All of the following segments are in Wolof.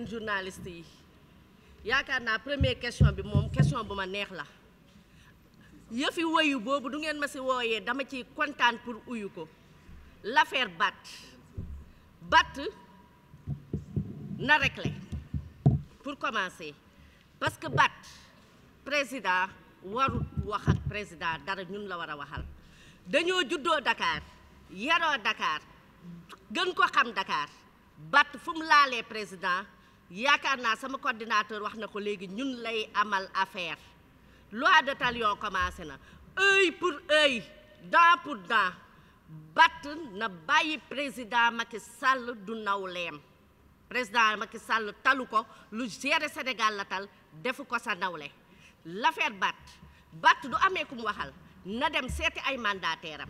yéen journaliste yi yaakaar naa première question bi moom question bu ma neex la yëfi woyu boobu du ngeen ma si wooyee dama ci kontaan pour uyu ko l'affaire Bat Bat na réglé pour commencer parce que Bat président warut wax ak président dara ñun la war a waxal dañoo juddoo Dakar yaroo Dakar gën ko xam Dakar Bat fu laalee président yaakaar naa sama coordinateur wax na ko léegi ñun lay amal affaire loi de talion commencé na œil pour œil dent pour dent batt na bàyyi président Macky sàll du nawleem président Macky sàll talu ko lu gérer Sénégal la defu ko sa nawle l'affaire batt batt du amee ku mu waxal na dem seeti ay mandataire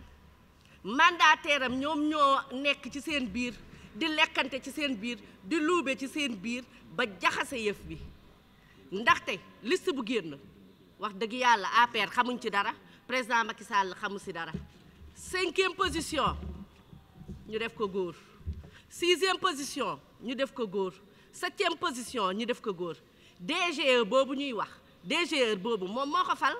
am am ñoom ñoo nekk ci seen biir di lekkante ci seen biir di luube ci seen biir ba jaxase yëf bi ndaxte liste bu génn wax dëgg yàlla APR xamuñ ci dara président Macky Sall xamu si dara cinquième position ñu def ko góor sixième position ñu def ko góor septième position ñu def ko góor DGE boobu ñuy wax DGE boobu moom moo ko fal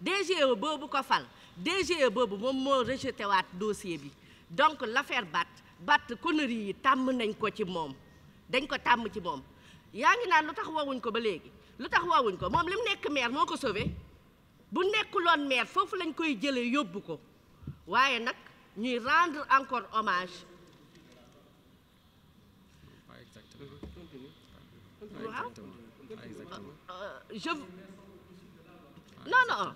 DGE boobu ko fal DGE boobu moom moo rejeté waat dossier bi donc l'affaire Bat batt conneries yi tàmm nañ ko ci moom dañ ko tàmm ci moom yaa ngi naan lu tax wowuñ ko ba léegi lu tax wowuñ ko moom li mu nekk maire moo ko sauvé bu nekkuloon maire foofu lañ koy jëlee yóbbu ko waaye nag ñuy rendre encore hommage waaw je non non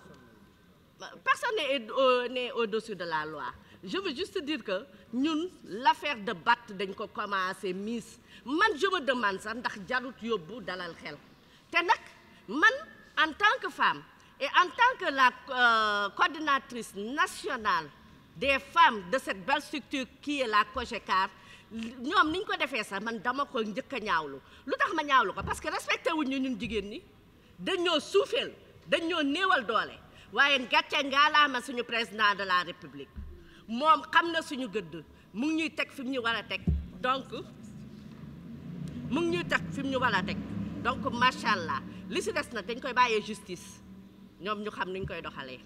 personne n'est au-dessus de la loi je veux juste dire que ñun l'affaire de batte dañ ko commencé miis man je me demande sax ndax jarut yóbbu dalal xel te nag man en tant que femme et en tant que la euh, coordinatrice nationale des femmes de cet belle structure qui est la COGECAR ñoom ni ñu ko defee sax man dama ko njëkk a ñaawlu lu tax ma ñaawlu ko parce que respecté ñu ñun jigéen ñi dañoo suufeel dañoo néewal doole waaye gàcce ngaalaama suñu président de la république moom xam na suñu gëdd mu ngi ñuy teg fi ñu war a teg donc mu ñuy teg fi mu ñu war a teg donc macha allah li si des nag dañ koy bàyyee justice ñoom ñu xam ni ñu koy doxalee.